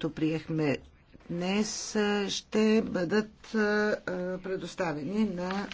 които приехме днес, ще бъдат предоставени на